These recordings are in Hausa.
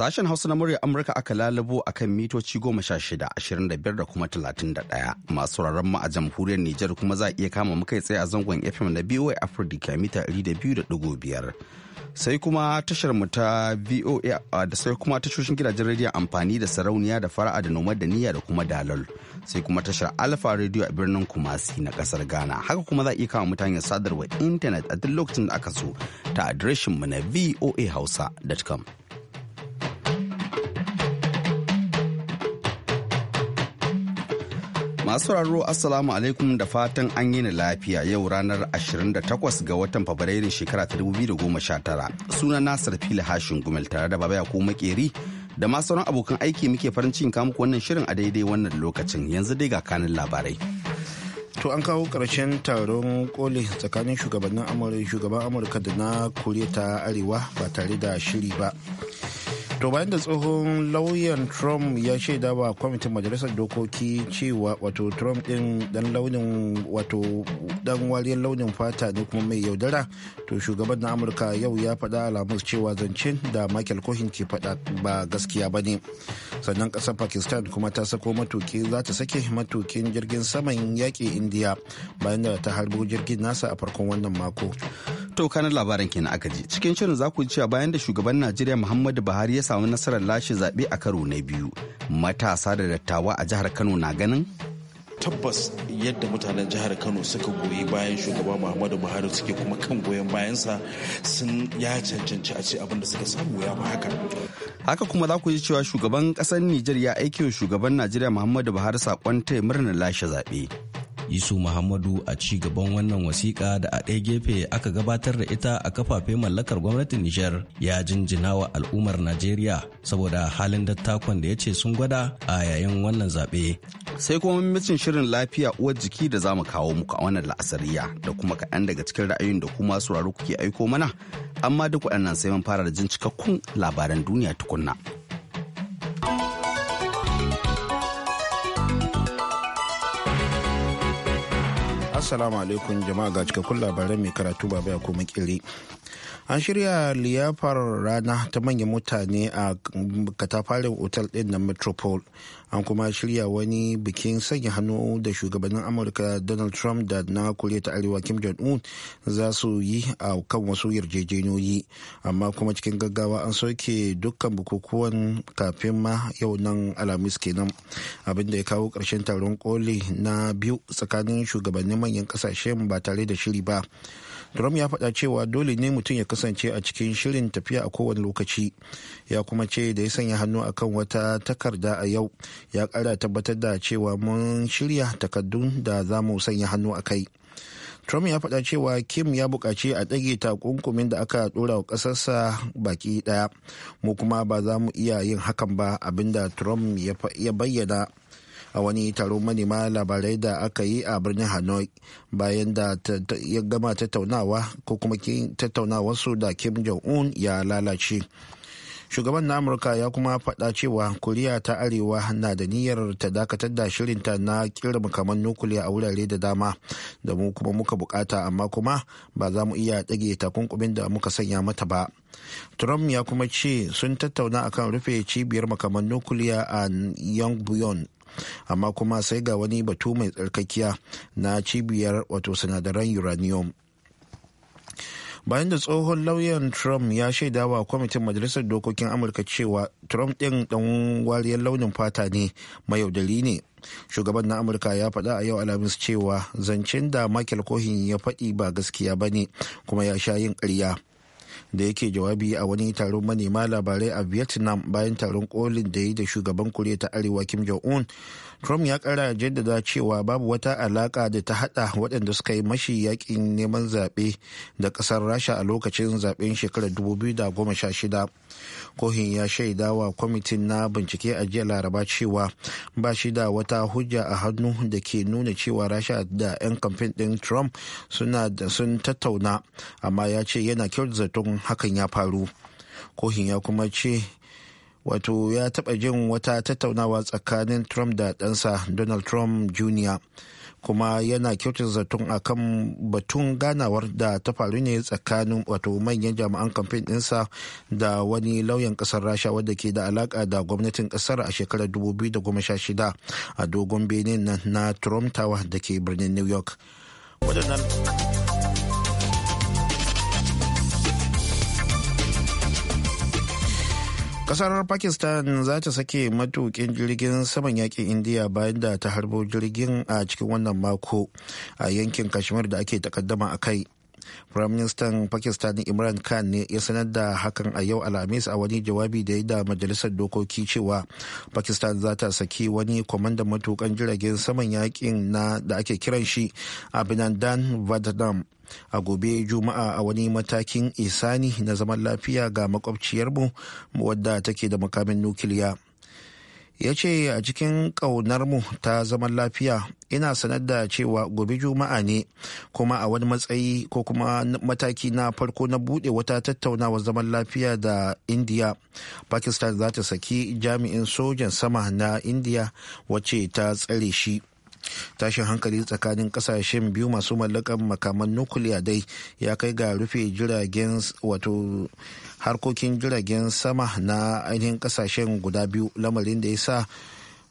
Sashen Hausa na murya Amurka aka lalabo a kan mitoci goma sha shida, ashirin da biyar da kuma talatin da ɗaya. Masu sauraron mu a jamhuriyar Nijar kuma za a iya kama mu kai tsaye a zangon FM na BOA afirka mita ɗari da biyu da ɗigo biyar. Sai kuma tashar mu ta VOA da sai kuma tashoshin gidajen rediyon amfani da sarauniya da fara'a da noma da niyya da kuma dalol. Sai kuma tashar Alfa rediyo a birnin Kumasi na kasar Ghana. Haka kuma za a iya kama mutane sadarwa intanet a duk lokacin da aka so ta adireshin mu na hausa.com Masu raro Assalamu alaikum da fatan an yi ni lafiya yau ranar 28 ga watan Fabrairun shekara ta 2019. Suna Nasir Fili Hashin Gumel tare da Baba Yakubu Makeri da masu sauran abokan aiki muke farin cikin kamu wannan shirin a daidai wannan lokacin yanzu dai ga kanin labarai. To an kawo karshen taron koli tsakanin shugabannin Amurka shugaban Amurka da na Koriya ta Arewa ba tare da shiri ba. to bayan da tsohon lauyan trump ya shaida wa kwamitin majalisar dokoki cewa wato trump din dan launin wato dan wariyar launin fata ne kuma mai yaudara to shugaban na amurka yau ya faɗa alamus cewa zancen da michael cohen ke faɗa ba gaskiya ba ne sannan ƙasar pakistan kuma ta sako matuki za ta sake matukin jirgin saman yaƙi indiya bayan da ta harbo jirgin nasa a farkon wannan mako to kanar labaran kenan aka ji cikin shirin za ku ji cewa bayan da shugaban najeriya muhammadu buhari ya samu nasarar lashe zaɓe a karo na biyu matasa da dattawa a jihar kano na ganin tabbas yadda mutanen jihar kano suka goyi bayan shugaba muhammadu buhari suke kuma kan goyon bayansa sun ya cancanci a ce abin suka samu ya ba haka haka kuma za ku ji cewa shugaban kasar nijar ya aiki wa shugaban najeriya muhammadu buhari saƙon taya murnar lashe zaɓe isu muhammadu a ci gaban wannan wasiƙa da a ɗaya gefe aka gabatar da ita a kafafen mallakar gwamnatin nijar ya jinjina wa al'ummar najeriya saboda halin dattakon da ya ce sun gwada a yayin wannan zaɓe sai kuma mamacin shirin lafiya uwar jiki da za mu kawo muku a wannan la'asariya da kuma kaɗan daga cikin ra'ayoyin da kuma sauraro kuke aiko mana amma duk waɗannan sai mun fara da jin cikakkun labaran duniya tukunna. Assalamu alaikum jama'a ga cikakkun labaran mai karatu ba ya kuma kiri. An shirya liyafar rana ta manyan mutane a katafaren otal ɗin na Metropole an kuma shirya wani bikin sanya hannu da shugabannin amurka donald trump da na koriya ta arewa kim jong-un za su yi a kan wasu yarjejeniyoyi amma kuma cikin gaggawa an soke dukkan bukukuwan kafin ma yau nan alhamis kenan abin da ya kawo ƙarshen taron koli na biyu tsakanin shugabannin manyan kasashen ba tare da shiri ba Trump ya faɗa cewa dole ne mutum ya kasance a cikin shirin tafiya a kowane lokaci. Ya kuma ce da ya sanya hannu akan wata takarda a yau ya kara tabbatar da cewa mun shirya takaddun da za mu sanya hannu a kai trump ya faɗa cewa kim ya buƙaci a ɗage takunkumin da aka ɗora wa ƙasarsa baki ɗaya mu kuma ba za mu iya yin hakan ba abinda trump ya bayyana a wani taro manema labarai da aka yi a birnin hanoi bayan da ya gama tattaunawa ko kuma tattaunawarsu da kim jong-un ya lalace shugaban na amurka ya kuma faɗa cewa koriya ta arewa na da niyyar ta dakatar da shirinta na kira makaman nukuliya a wurare da dama da mu kuma muka bukata amma kuma ba za mu iya ɗage takunkumin da muka sanya mata ba trump ya kuma ce sun tattauna akan rufe cibiyar makaman nukuliya a yongbyon amma kuma sai ga wani batu mai tsarkakiya na cibiyar wato sinadaran uranium bayan da tsohon lauyan trump ya shaida wa kwamitin majalisar dokokin amurka cewa trump ɗin ɗan wariyar launin fata ne mayaudari ne shugaban na amurka ya faɗa a yau alhamis cewa zancen da michael cohen ya faɗi ba gaskiya ba ne kuma ya sha yin ƙarya da yake jawabi a wani taron manema labarai a vietnam bayan taron kolin da yi da shugaban koriya ta arewa kim jong-un trump ya kara jaddada cewa babu wata alaka da ta hada waɗanda suka yi mashi yakin neman zaɓe da ƙasar rasha a lokacin zaɓen shekarar shida kohin ya shaida wa kwamitin na bincike a jiya laraba cewa ba shi da wata hujja a hannu da ke nuna cewa rasha da 'yan kamfen ɗin trump sun tattauna amma ya ce yana kyau zaton bayan hakan ya faru kohin ya kuma ce wato ya taba jin wata tattaunawa tsakanin trump da ɗansa donald trump jr kuma yana kyautar zaton a kan batun ganawar da ta faru ne tsakanin wato manyan jami'an kamfen ɗinsa da wani lauyan ƙasar rasha wadda ke da alaƙa da gwamnatin kasar a shekarar 2016 a dogon benin na trump tower da ke birnin new york waɗannan kasar pakistan za ta sake matukin jirgin saman yakin indiya bayan da ta harbo jirgin a cikin wannan mako a yankin kashmir da ake takaddama a kai prime minister pakistan imran khan ne ya sanar da hakan a yau alhamis a wani jawabi da ya da majalisar dokoki cewa pakistan za ta saki wani kwamandan matukan jiragen saman yakin na da ake kiran shi a abinandan vadadam a gobe juma'a a wani matakin isani na zaman lafiya ga makwabciyarmu wadda take da makamin nukiliya ya ce a cikin ƙaunarmu ta zaman lafiya ina sanar da cewa gobe juma'a ne kuma a wani matsayi ko kuma mataki na farko na buɗe wata tattaunawa zaman lafiya da indiya pakistan za ta saki jami'in sojan sama na indiya wacce ta tsare shi tashin hankali tsakanin kasashen biyu masu mallakan makaman nukuliya dai ya kai ga rufe jiragen wato harkokin jiragen sama na ainihin kasashen guda biyu lamarin da ya sa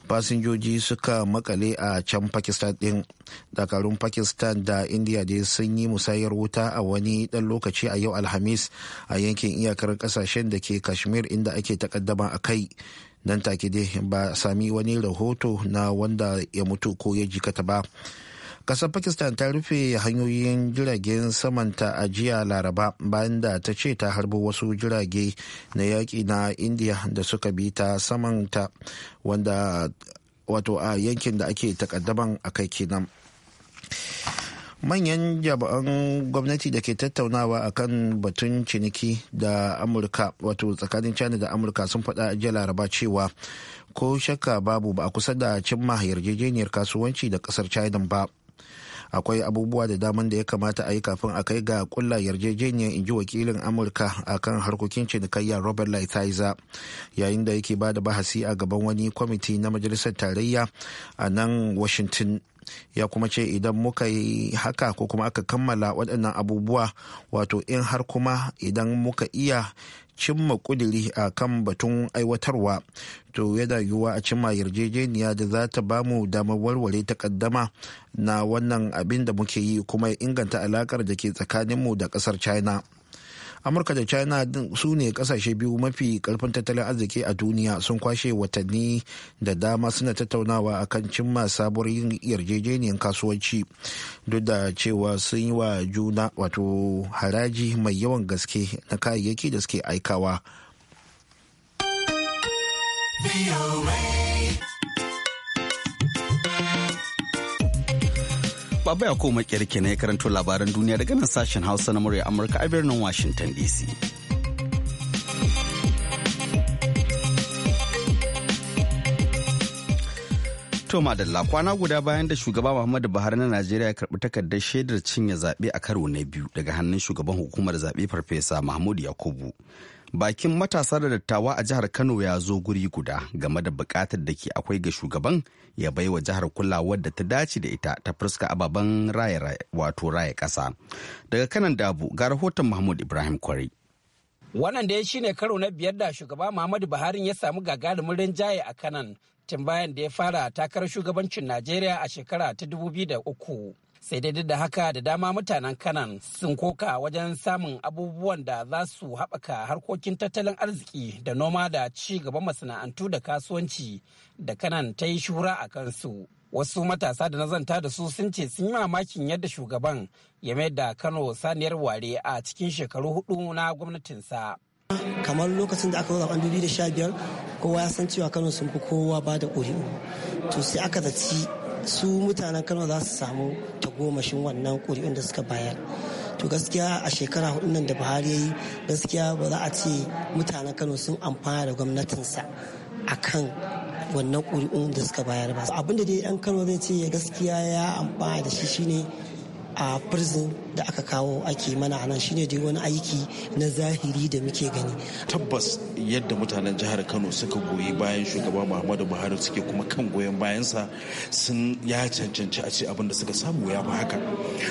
fasinjoji suka makale a can pakistan din dakarun pakistan da india dai sun yi musayar wuta a wani dan lokaci a yau alhamis a yankin iyakar kasashen da ke kashmir inda ake takaddama a kai nan take dai ba sami wani rahoto na wanda ya mutu ko ya jikata ba kasar pakistan ta rufe hanyoyin jiragen samanta a jiya laraba bayan da ta ce ta harbo wasu jirage na yaƙi na india da suka bi ta samanta wanda wato a yankin da ake takaddaban a kai kenan manyan jami'an gwamnati da ke tattaunawa a kan batun ciniki da amurka wato tsakanin china da amurka sun faɗa jiya laraba cewa ko shakka babu ba a kusa da cimma yarjejeniyar kasuwanci da kasar china ba akwai abubuwa da daman da ya kamata a yi kafin a kai ga kulla yarjejeniyar inji wakilin amurka a kan harkokin cinikayya robert lighthizer yayin da yake ba da bahasi a gaban wani kwamiti na majalisar tarayya a nan washington ya kuma ce idan muka yi haka ko kuma aka kammala waɗannan abubuwa wato in har kuma idan muka iya cimma kuduri a kan batun aiwatarwa to yana yiwuwa a cimma yarjejeniya da za ta bamu damar warware takaddama na wannan abin da muke yi kuma inganta alakar da ke tsakaninmu da ƙasar china amurka da china su ne kasashe biyu mafi karfin tattalin arziki a duniya sun kwashe watanni da dama suna tattaunawa a kan cimma sabuwar yin yarjejeniyar kasuwanci duk da cewa sun yi wa juna wato haraji mai yawan gaske na kayayyaki da suke aikawa. Baba ya koma kirki na ya karanto labaran duniya daga nan sashen Hausa na murya Amurka a birnin Washington DC. To Madalla kwana guda bayan da shugaba Muhammadu Buhari na Najeriya ya karbi takardar shaidar cinye zaɓe a karo na biyu daga hannun shugaban hukumar zaɓe Farfesa Mahmud Yakubu. bakin matasa da dattawa a jihar kano ya zo guri guda game da bukatar da ke akwai ga shugaban ya bai wa jihar kulawar da ta dace da ita ta fuska ababen raya wato raya kasa daga kanan dabu ga rahoton mahmud ibrahim kwari wannan da ya shine karo na biyar da shugaba muhammadu buhari ya samu gagarumin rinjaye a kanan tun bayan da ya fara takarar shugabancin najeriya a shekara ta 2003 sai dai duk da haka da dama mutanen kanan sun koka wajen samun abubuwan da za su haɓaka harkokin tattalin arziki da noma da ci gaban masana'antu da kasuwanci da kanan ta yi shura a kansu wasu matasa da nazanta da su sun ce sun yi mamakin yadda shugaban ya mayar da kano saniyar ware a cikin shekaru hudu na gwamnatinsa kamar lokacin da aka zo zaben 2015 kowa ya san cewa kano sun fi kowa ba da ƙuri'u to sai aka zaci su mutanen kano za su samu tagomashin wannan ƙuri'un da suka bayar to gaskiya a shekara hudun nan da buhari ya yi gaskiya ba za a ce mutanen kano sun amfana da gwamnatinsa a kan wannan kuri'un da suka bayar ba abinda da dai yan kano zai ce gaskiya ya amfana da shi shine a prison da aka kawo ake mana a nan shine dai wani aiki na zahiri da muke gani tabbas yadda mutanen jihar kano suka goyi bayan shugaba muhammadu buhari suke kuma kan goyon bayansa sun ya cancanci a ce abin da suka samu ya fi haka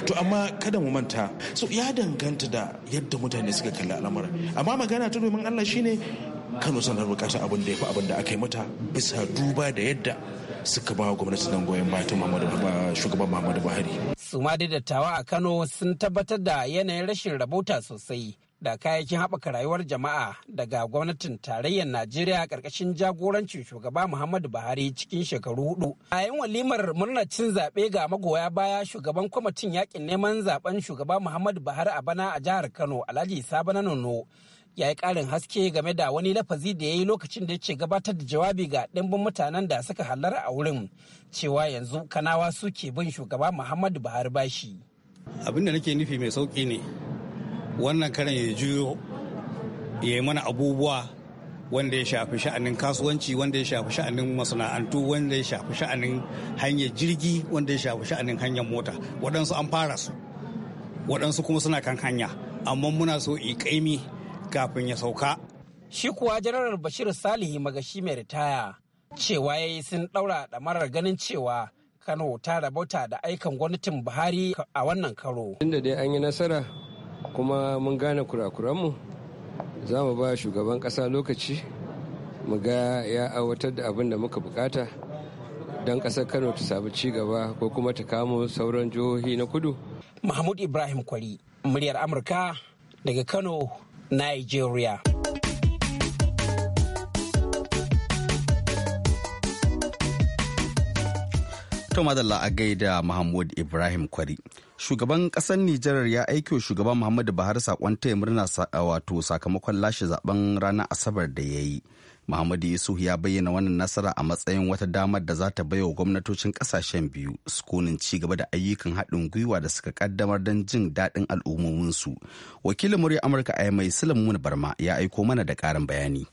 to amma kada mu manta so ya danganta da yadda mutane suka kalli al'amarin amma magana ta domin allah shine kano sanar bukatar abin da ya fi abin da aka yi mata bisa duba da yadda suka ba gwamnati nan goyon bayan shugaban muhammadu buhari su ma dattawa a kano sun tabbatar da yanayin rashin rabota sosai da kayayyakin haɓaka rayuwar jama'a daga gwamnatin tarayyar najeriya ƙarƙashin jagorancin shugaba muhammadu buhari cikin shekaru hudu a yin walimar murnar cin zaɓe ga magoya baya shugaban kwamitin yaƙin neman zaɓen shugaba muhammadu buhari a bana a jihar kano alhaji sabana nono ya yi ƙarin haske game da wani lafazi da ya yi lokacin da ya ce gabatar da jawabi ga ɗimbin mutanen da suka hallara a wurin cewa yanzu kanawa suke bin shugaba muhammadu buhari bashi abin da nake nufi mai sauƙi ne wannan karan ya juyo ya yi mana abubuwa wanda ya shafi sha'anin kasuwanci wanda ya shafi sha'anin masana'antu wanda ya shafi sha'anin hanyar jirgi wanda ya shafi sha'anin hanyar mota waɗansu an fara su waɗansu kuma suna kan hanya amma muna so ikaimi kafin ya sauka. Shi kuwa janaral Bashir Salihu magashi mai ritaya cewa ya yi sun ɗaura marar ganin cewa Kano ta rabauta da aikan gwamnatin Buhari a wannan karo. Tunda dai an yi nasara kuma mun gane kurakuranmu za mu ba shugaban ƙasa lokaci mu ga ya aiwatar da abin da muka bukata don ƙasar Kano ta samu ci gaba ko kuma ta kamo sauran jihohi na kudu. Mahmud Ibrahim Kwari, muryar Amurka daga Kano, Nigeria. madalla a gaida Mahmud Ibrahim Kwari. Shugaban ƙasar Nijar ya aiki wa shugaban Muhammadu Buhari saƙon taya murna wato sakamakon lashe zaben ranar Asabar da ya yi. Muhammadu Yusuf ya bayyana wannan nasara a matsayin wata damar da za ta baiwa gwamnatocin kasashen biyu sukunin ci gaba da ayyukan haɗin gwiwa da suka kaddamar don jin daɗin al'ummominsu. Wakilin murya Amurka a mai Sulaimun Barma ya aiko mana da ƙarin bayani.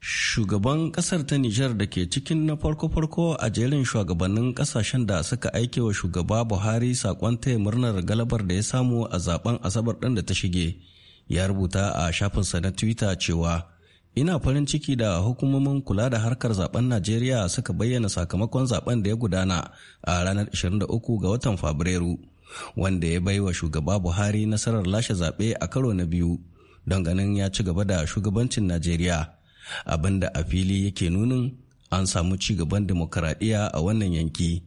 Shugaban ƙasar ta Nijar da ke cikin na farko-farko a jerin shugabannin ƙasashen da suka aike wa shugaba Buhari sakon taya murnar galabar da ya samu a zaben Asabar ɗin da ta shige, ya rubuta a shafinsa na Twitter cewa ina farin ciki da hukumomin kula da harkar zaben najeriya suka bayyana sakamakon zaben da ya gudana a ranar 23 ga watan fabrairu wanda ya baiwa shugaba buhari nasarar lashe zaɓe a karo na biyu don ganin ya ci gaba da shugabancin najeriya abinda a fili yake nunin an samu ci gaban demokaradiyya a wannan yanki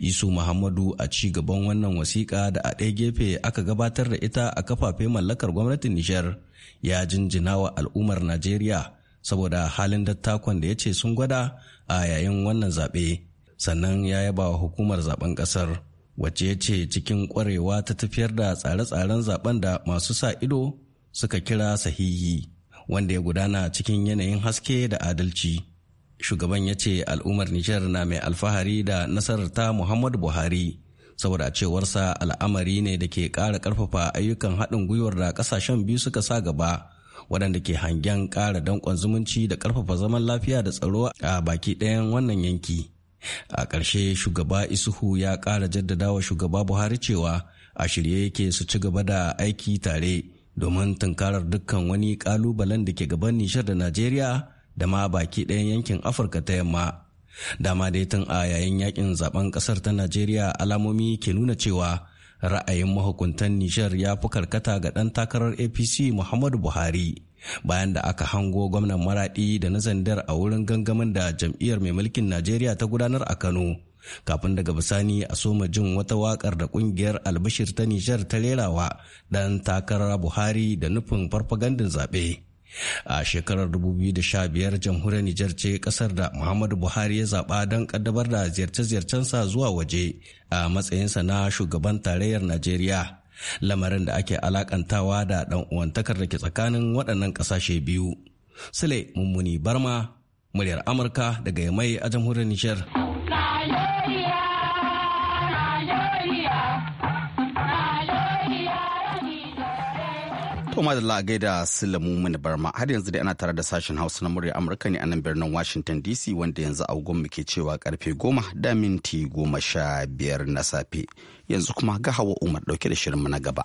isu muhammadu a ci gaban wannan wasiƙa da a ɗaya gefe aka gabatar da ita a kafafe mallakar gwamnatin nijar ya jinjina wa al'ummar najeriya saboda halin dattakon da ya ce sun gwada a yayin wannan zaɓe sannan ya yaba wa hukumar zaben ƙasar wacce ya ce cikin ƙwarewa ta tafiyar da tsare-tsaren zaben da masu sa ido suka kira sahihi wanda ya gudana cikin yanayin haske da adalci shugaban ya ce al'ummar nijar na mai alfahari da nasarar ta muhammadu buhari saboda cewarsa al'amari ne da ke ƙara ƙarfafa ayyukan haɗin gwiwar da ƙasashen biyu suka sa gaba waɗanda ke hangen ƙara danƙon zumunci da ƙarfafa zaman lafiya da tsaro a baki ɗayan wannan yanki. A ƙarshe shugaba Isuhu ya ƙara jaddadawa shugaba Buhari cewa a shirye yake su ci gaba da aiki tare domin tunkarar dukkan wani ƙalubalen da ke gaban nishar da Najeriya da ma baki ɗayan yankin Afirka ta yamma. dama dai tun a yayin yakin zaben kasar ta najeriya alamomi ke nuna cewa ra'ayin mahukuntan nijar ya fi karkata ga ɗan takarar apc muhammadu buhari bayan da aka hango gwamnan maraɗi da na zandar a wurin gangamin da jam'iyyar mai mulkin najeriya ta gudanar a kano kafin daga bisani a soma jin wata wakar da kungiyar albashir ta nijar ta rerawa dan takarar buhari da nufin farfagandin zaɓe a shekarar 2015 jamhuriyar nijar ce kasar da muhammadu buhari ya zaba don kaddabar da ziyarce-ziyarcensa zuwa waje a matsayinsa na shugaban tarayyar najeriya lamarin da ake alakantawa da dan uwantakar da ke tsakanin waɗannan ƙasashe biyu sule mummuni barma muryar amurka daga mai a jamhuriyar nijar To ma da la gaida Sulamu Mini Barma har yanzu dai ana tare da sashen Hausa na murya Amurka ne a nan birnin Washington DC wanda yanzu a mu ke cewa karfe goma da minti goma sha biyar na safe. Yanzu kuma ga hawa Umar dauke da shirin mu na gaba.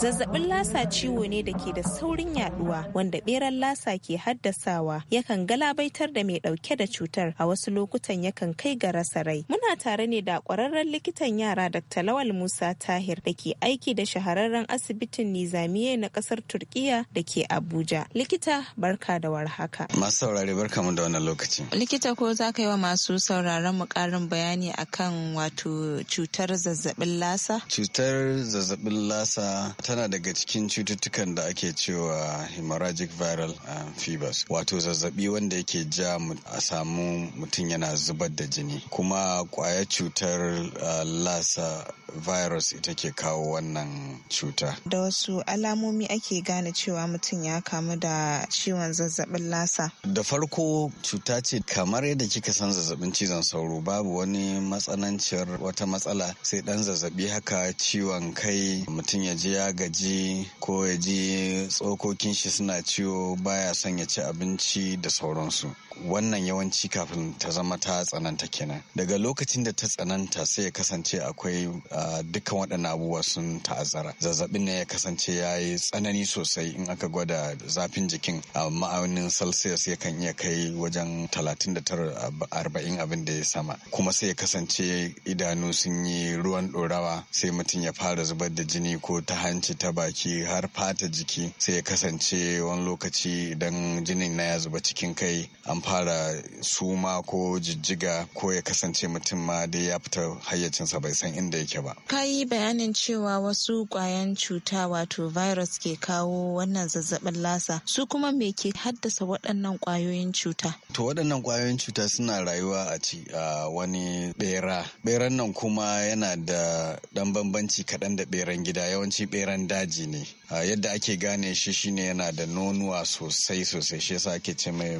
zazzabin lasa ciwo ne da ke da saurin yaduwa wanda beran lasa ke haddasawa yakan galabaitar da mai dauke da cutar a wasu lokutan yakan kai ga rasa rai muna tare ne da kwararren likitan yara dr lawal musa tahir da ke aiki da shahararren asibitin nizamiye na kasar turkiya da ke abuja likita barka da warhaka masu saurare barka mu da wannan lokaci likita ko za ka yi wa masu sauraron mu karin bayani akan wato cutar zazzabin lasa cutar zazzabin lasa tana daga cikin cututtukan da ake cewa hemorrhagic viral um, fevers wato zazzabi wanda yake ja a samu mutum yana zubar da jini kuma kwayar cutar uh, lasa virus ita ke kawo wannan cuta. Da wasu alamomi ake gane cewa mutum ya kamu da ciwon zazzabin lasa. Da farko cuta ce kamar yadda kika san zazzabin cizon sauro babu wani matsananciyar wata matsala sai dan zazzabi haka ciwon kai mutum ya ji ya gaji ko ya ji tsokokin shi suna ciwo baya son ya ci abinci da sauransu. Wannan yawanci kafin ta zama ta tsananta kenan. Daga lokacin da ta tsananta sai ya kasance akwai dukkan waɗannan abubuwa sun ta'azzara zazzabin ne ya kasance ya yi tsanani sosai in aka gwada zafin jikin a ma'aunin celsius kan iya kai wajen 39-40 abin da ya sama kuma sai ya kasance idanu sun yi ruwan ɗorawa sai mutum ya fara zubar da jini ko ta hanci ta baki har fata jiki sai ya kasance wani lokaci idan jinin na ya zuba cikin kai an fara suma ko jijjiga ko ya kasance mutum ma dai ya fita hayyacinsa bai san inda yake ba ba. Ka yi bayanin cewa wasu ƙwayan cuta wato virus ke kawo wannan zazzabin lasa su kuma me ke haddasa waɗannan kwayoyin cuta? To waɗannan kwayoyin cuta suna rayuwa a ci a wani ɓera. Ɓeran nan kuma yana da ɗan bambanci kaɗan da ɓeran gida yawanci ɓeran daji ne. Yadda ake gane shi shine yana da nonuwa sosai sosai shi yasa ake ce mai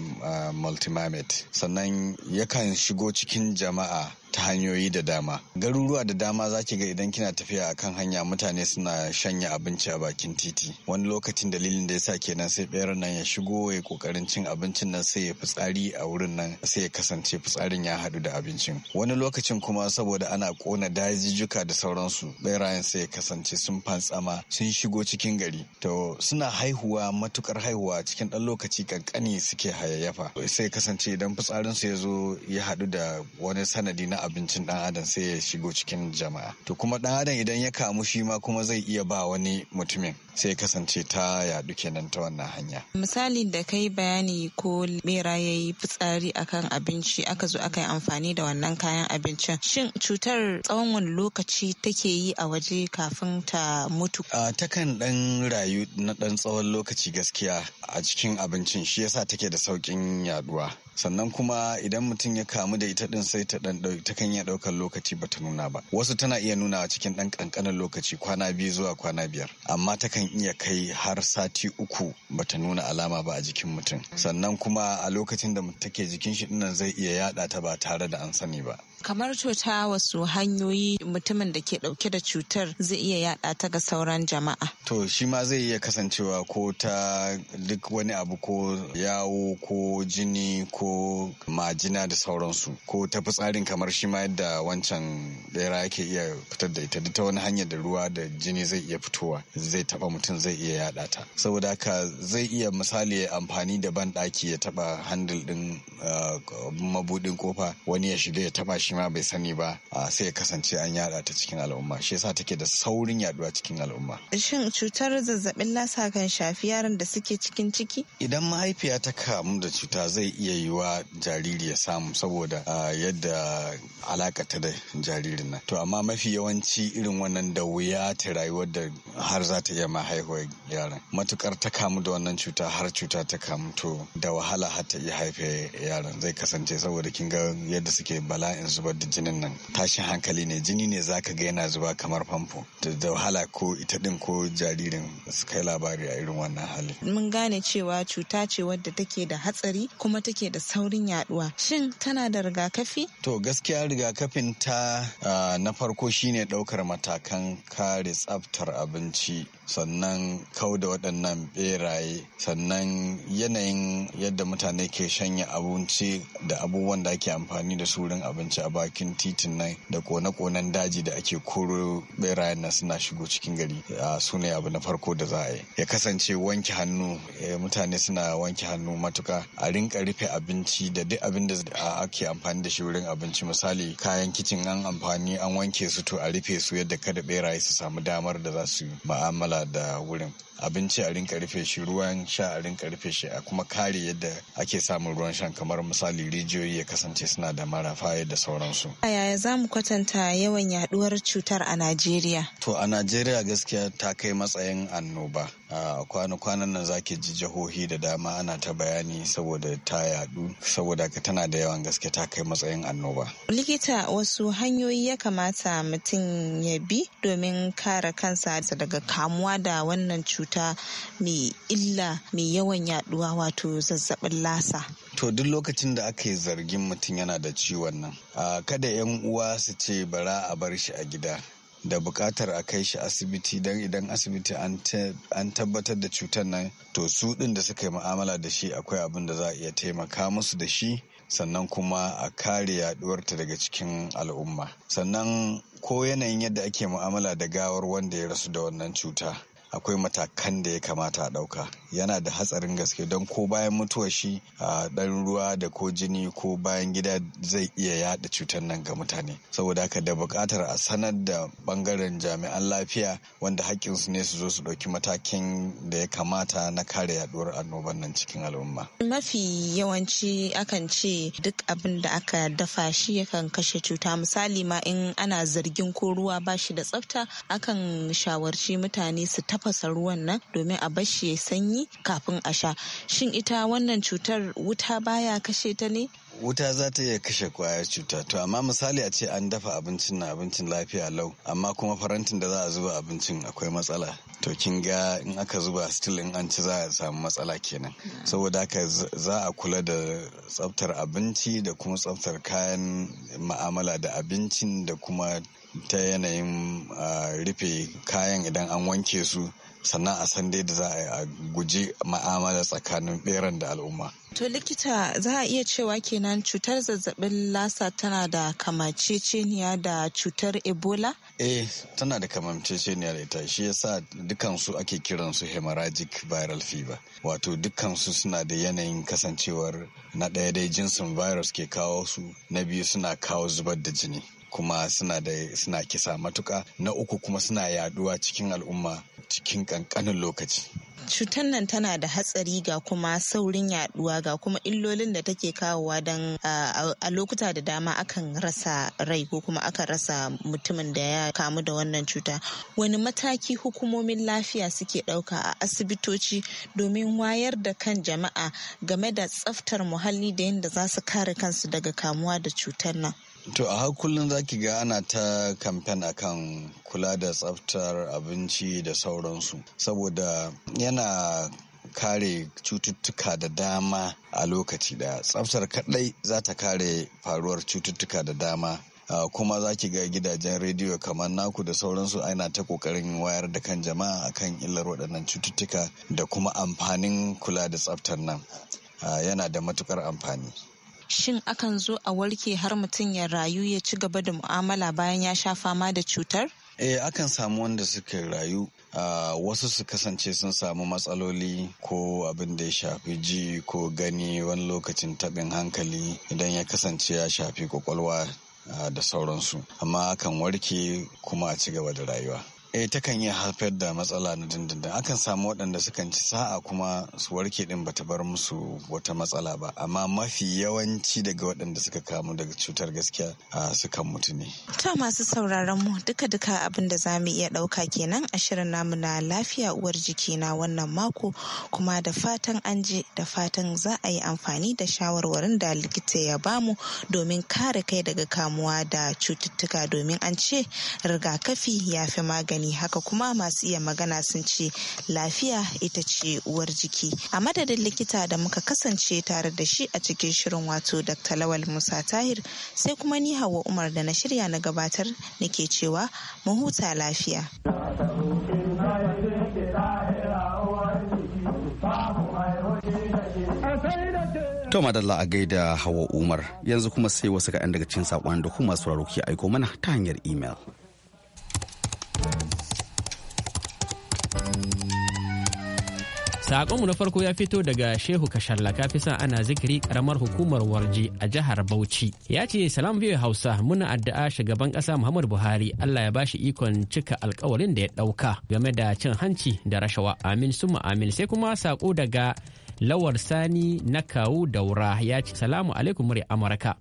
multimamate. sannan yakan shigo cikin jama'a ta hanyoyi da dama garuruwa da dama za ki ga idan kina tafiya a kan hanya mutane suna shanya abinci a bakin titi wani lokacin dalilin da yasa kenan sai beran nan ya shigo ya kokarin cin abincin nan sai ya fitsari a wurin nan sai ya kasance fitsarin ya hadu da abincin wani lokacin kuma saboda ana kona dajijjuka da sauransu berayen sai ya kasance sun fantsama sun shigo cikin gari to suna haihuwa matukar haihuwa cikin dan lokaci kankani suke hayayyafa sai kasance idan fitsarin su ya zo ya hadu da wani sanadi na abincin dan adam sai ya shigo cikin jama'a to kuma dan adam idan ya kamu shi ma kuma zai iya ba wani mutumin sai kasance ta yadu kenan ta wannan hanya Misalin da kai bayani ko bera ya yi fitsari akan abinci aka zo aka yi amfani da wannan kayan abincin shin cutar tsawon wani lokaci take yi a waje kafin ta mutu takan dan rayu na dan tsawon lokaci gaskiya a cikin abincin shi yasa take da saukin yaduwa sannan kuma idan mutum ya kamu da ita din sai ta dan ta kan iya daukar lokaci bata nuna ba wasu tana iya nunawa cikin dan kankanin lokaci kwana biyu zuwa kwana biyar amma ta kan iya kai har sati uku bata nuna alama ba a jikin mutum sannan kuma a lokacin da take jikin shi dinnan zai iya yada ta ba tare da an sani ba kamar cuta wasu hanyoyi mutumin da ke dauke da cutar zai iya yada ta ga sauran jama'a to shi ma zai iya kasancewa ko ta duk wani abu ko yawo ko jini ko ko majina da sauransu ko ta fitsarin kamar shi ma yadda wancan bera yake iya fitar da ita duk ta wani hanyar da ruwa da jini zai iya fitowa zai taba mutum zai iya yada ta saboda haka zai iya misali amfani da ban daki ya taba handle din uh, mabudin kofa wani ya shiga ya taba shi ma bai sani ba uh, sai ya kasance an yada ta cikin al'umma shi yasa take da saurin yaduwa cikin al'umma shin cutar zazzabin lasa kan shafi yaran da suke cikin ciki idan mahaifiya ta kamu da cuta zai iya yi yiwuwa jariri ya samu saboda yadda alakata da jaririn nan to amma mafi yawanci irin wannan da wuya ta rayuwar da har za ta iya ma haihuwar yaran matukar ta kamu da wannan cuta har cuta ta kamu to da wahala har ta iya haife yaran zai kasance saboda kin ga yadda suke bala'in zubar da jinin nan tashin hankali ne jini ne zaka ga yana zuba kamar famfo da wahala ko ita din ko jaririn su kai labari a irin wannan hali mun gane cewa cuta ce wadda take da hatsari kuma take da saurin yaduwa shin tana da rigakafi to gaskiya rigakafin ta ah, na farko shine daukar matakan kare tsabtar abinci sannan kau da waɗannan beraye sannan yanayin yadda mutane ke shanya abinci da abubuwan da ake amfani da su abinci a bakin titin nan da kone-konen daji da ake koro berayen nan suna shigo cikin gari a ne abu na farko da za a yi ya kasance wanke hannu eh, mutane suna wanke hannu matuka a rinka rufe abinci da duk abin da ake amfani da shi wurin abinci misali kayan kicin an amfani an wanke su to a rufe su yadda kada beraye su samu damar da za su ma'amala da wurin abinci a rinka rufe shi ruwan sha a rinka rufe shi a kuma kare yadda ake samun ruwan shan kamar misali rijiyoyi ya kasance suna da marafa da sauransu. Yaya za mu kwatanta yawan yaduwar cutar a Najeriya? To a Najeriya gaskiya ta kai matsayin annoba kwana-kwanan nan zaki ji jihohi da dama ana ta bayani saboda ta yadu saboda ka tana da yawan gaske ta kai matsayin annoba. likita wasu hanyoyi ya kamata mutum ya bi domin kare kansa daga kamuwa da wannan cuta mai illa mai yawan yaduwa wato zazzabin lasa to duk lokacin da aka yi zargin mutum yana da ciwon nan kada 'yan uwa su ce bara a bar shi a gida da bukatar a kai shi asibiti don idan asibiti an tabbatar da cutar nan to su ɗin da suka yi mu'amala da shi akwai abin da za a iya taimaka musu da shi sannan kuma a kare yaduwarta daga cikin al'umma sannan ko yanayin yadda ake mu'amala da gawar wanda ya rasu da wannan cuta akwai matakan da ya kamata a ɗauka yana da hatsarin gaske don ko bayan mutuwa shi a ɗan ruwa da ko jini ko bayan gida zai iya yaɗa cutar nan ga mutane saboda haka da buƙatar a sanar da ɓangaren jami'an lafiya wanda hakkin su ne su zo su ɗauki matakin da ya kamata na kare yaduwar annoban nan cikin al'umma. mafi yawanci akan ce duk abin da aka dafa shi yakan kashe cuta misali ma in ana zargin ko ruwa bashi da tsafta akan shawarci mutane su tafasa ruwan nan domin a bar shi ya sanyi kafin a sha shin ita wannan cutar wuta baya kashe ta ne wuta za ta iya kashe kwayar cuta to amma misali a ce an dafa abincin na abincin lafiya lau amma kuma farantin da za a zuba abincin akwai matsala to kin ga in aka zuba still in an ci za a samu matsala kenan saboda haka za a kula da tsaftar abinci da kuma tsaftar kayan ma'amala da abincin da kuma ta yanayin rufe kayan idan an wanke su sannan a san dai da za a guji ma'amala tsakanin beran da al'umma. To likita za a iya cewa kenan cutar zazzabin lasa tana da kamaceceniya da cutar ebola? Eh tana da kamaceceniya da ita shi yasa dukansu ake kiransu hemorrhagic viral fever wato dukansu suna da yanayin kasancewar na ɗaya dai jinsin virus ke kawo su na biyu suna kawo zubar da jini. kuma suna da suna kisa matuka na uku kuma suna yaduwa cikin al'umma cikin kankanin lokaci cutar nan tana da hatsari ga kuma saurin yaduwa ga kuma illolin da take kawowa don a lokuta da dama akan rasa rai ko kuma akan rasa mutumin da ya kamu da wannan cuta wani mataki hukumomin lafiya suke ɗauka a asibitoci domin wayar da kan jama'a game da tsaftar muhalli da yadda za su kare kansu daga kamuwa da cutar nan To a har kullum za ki ga ana ta kamfen akan kula da tsaftar abinci da sauransu saboda yana kare cututtuka da dama a lokaci ɗaya, tsaftar kadai za ta kare faruwar cututtuka da dama kuma za ki ga gidajen rediyo kamar naku da sauransu ana ta kokarin wayar da kan jama'a akan illar waɗannan cututtuka da kuma amfanin kula da tsaftar nan yana da matukar amfani shin akan zo a warke har mutum ya rayu ya ci gaba da mu'amala bayan ya sha fama da cutar? Eh, akan samu wanda suka rayu Uh, wasu su kasance sun samu matsaloli ko abin da ya shafi ji ko gani wani lokacin taɓin hankali idan ya kasance ya shafi kwakwalwa ah, da sauransu amma akan warke kuma a ci gaba da rayuwa eh takan yi haifar da matsala na dindindin akan samu waɗanda sukan ci sa'a kuma su warke din bata bar musu wata matsala ba amma mafi yawanci daga waɗanda suka kamu daga cutar gaskiya sukan mutu ne to masu sauraron mu duka duka abin da za mu iya ɗauka kenan a shirin namu na lafiya uwar jiki na wannan mako kuma da fatan an je da fatan za a yi amfani da shawarwarin da likita ya bamu domin kare kai daga kamuwa da cututtuka domin an ce rigakafi ya fi magani magani haka kuma masu iya magana sun ce lafiya ita ce uwar jiki a madadin likita da muka kasance tare da shi a cikin shirin wato dr lawal musa tahir sai kuma ni hawa umar da na shirya na gabatar nake cewa mu huta lafiya To madalla a gaida Hawa Umar yanzu kuma sai wasu kaɗan daga cikin saƙon da kuma sauraro ke aiko mana ta hanyar imel. saƙonmu na farko ya fito daga Shehu Kashalla Kafisa ana zikiri karamar hukumar Warji a jihar Bauchi. Ya ce salam biyu Hausa muna addu'a shugaban ƙasa Muhammadu Buhari Allah ya bashi ikon cika alkawarin da ya ɗauka. game da cin hanci da rashawa. Amin suma amin sai kuma saƙo daga Lawar Sani na kawu daura ya ce salamu alaikum murya Amurka.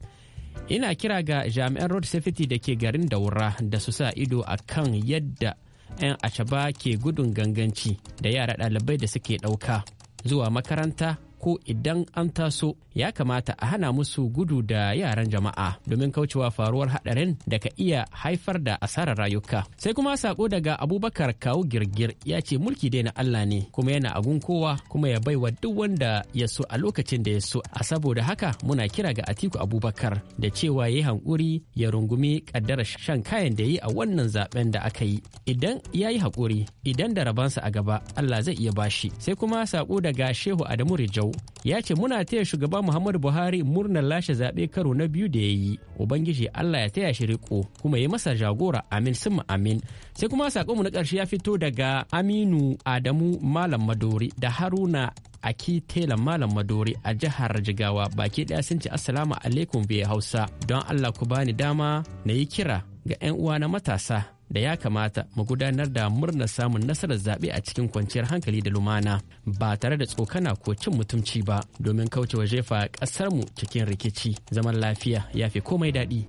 Ina kira ga jami'an road safety da ke garin daura da su sa ido a kan yadda 'yan ashaba ke gudun ganganci da yara ɗalibai da suke ɗauka zuwa makaranta ko idan an taso ya kamata a hana musu gudu da yaran jama'a domin kaucewa faruwar haɗarin da ka iya haifar da asarar rayuka sai kuma sako daga abubakar kawo girgir ya ce mulki dai na allah ne kuma yana agun kowa kuma ya baiwa duk wanda ya so a lokacin da ya so a saboda haka muna kira ga atiku abubakar da cewa ya yi hankuri ya rungumi kaddara shan kayan da ya yi a wannan zaben da aka yi idan ya yi haƙuri idan da rabansa a gaba allah zai iya bashi sai kuma sako daga shehu adamu rijau ya ce muna taya shugaba Muhammadu Buhari murnar lashe zaɓe karo na biyu da ya yi Ubangiji Allah ya taya shi riko kuma ya masa jagora amin sun amin sai kuma sakonmu na ƙarshe ya fito daga Aminu Adamu Malam Madori da Haruna aki tela malam madori a jihar jigawa baki ɗaya sun ce assalamu alaikum biya hausa don allah ku bani dama na yi kira ga 'yan uwa na matasa da ya kamata mu gudanar da murnar samun nasarar zaɓe a cikin kwanciyar hankali da lumana ba tare da tsokana ko cin mutumci ba domin kauce wa jefa ƙasarmu cikin rikici zaman lafiya ya fi komai daɗi.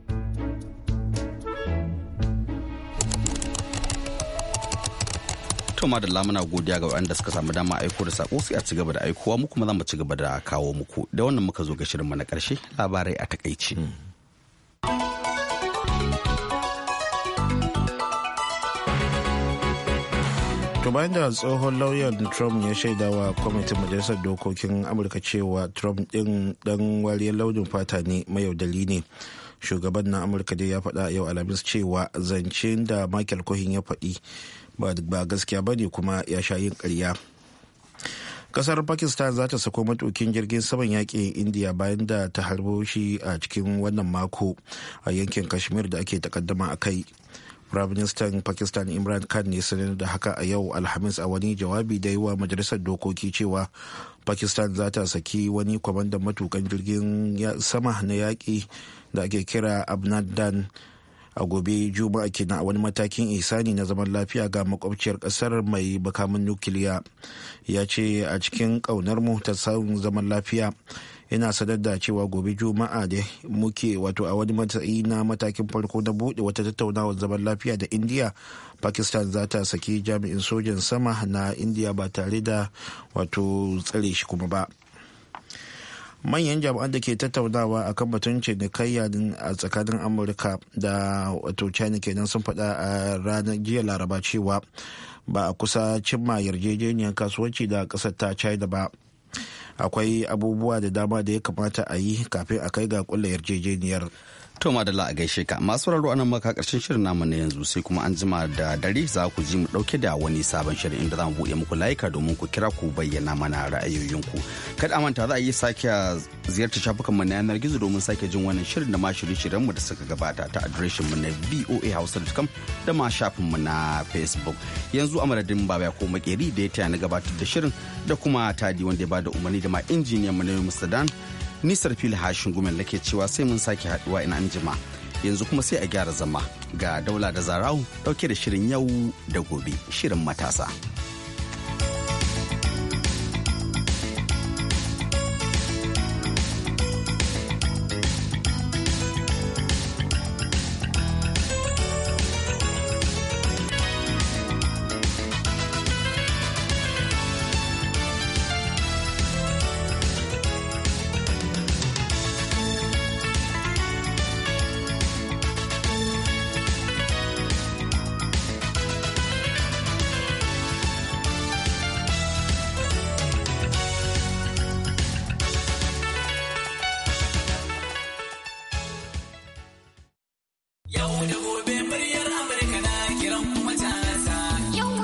tattauna da lamuna godiya ga waɗanda suka samu dama aiko da sako sai a ci gaba da aikowa mu kuma za mu ci gaba da kawo muku da wannan muka zo ga shirinmu na ƙarshe labarai a takaici. Hmm. To bayan da tsohon lauyan Trump ya shaida wa kwamitin majalisar dokokin Amurka cewa Trump ɗin ɗan wariyar launin fata ne mayaudali ne. Shugaban na Amurka dai ya faɗa yau Alhamis cewa zancen da Michael Cohen ya faɗi ba gaskiya ba ne kuma ya sha yin karya. kasar pakistan za ta sako matukin jirgin saman yakin indiya bayan da ta harbo shi a cikin wannan mako a yankin kashmir da ake takaddama a kai firaministan pakistan imran khan ne sanar da haka a yau alhamis a wani jawabi da yi wa majalisar dokoki cewa pakistan za ta saki wani kwamandan matukan jirgin sama na yaƙi da ake kira abnadan a gobe juma'a kenan a wani matakin isani na zaman lafiya ga makwabciyar kasar mai makamin nukiliya ya ce a cikin ƙaunar mu ta samun zaman lafiya yana sanar da cewa gobe juma'a da muke wato a wani matsayi na matakin farko na bude wata tattaunawar zaman lafiya da indiya pakistan za ta saki jami'in sojan sama na indiya ba tare da wato tsare shi kuma ba manyan jami'an da ke tattaunawa a kan batun cinikayya a tsakanin amurka da wato china kenan sun faɗa a ranar jiya laraba cewa ba a kusa cimma yarjejeniyar kasuwanci da ƙasar ta china ba akwai abubuwa da dama da ya kamata a yi kafin a kai ga kulla yarjejeniyar To madalla a gaishe ka masu raro anan maka karshen shirin namu na yanzu sai kuma an jima da dare za ku ji mu dauke da wani sabon shirin inda za mu buɗe muku laika domin ku kira ku bayyana mana ra'ayoyinku. Kada manta za a yi sake ziyartar shafukan mu na yanar gizo domin sake jin wannan shirin da ma shirin shirin mu da suka gabata ta adireshin mu na voahausa.com da ma shafin mu na Facebook. Yanzu a madadin baba ko makeri da ya taya na gabatar da shirin da kuma tadi wanda ya bada umarni da ma injiniyan mu na Mr. Dan. nisar fili hashin gumen lake cewa sai mun sake haduwa in an jima yanzu kuma sai a gyara zama ga daula da zarau dauke da shirin yau da gobe shirin matasa.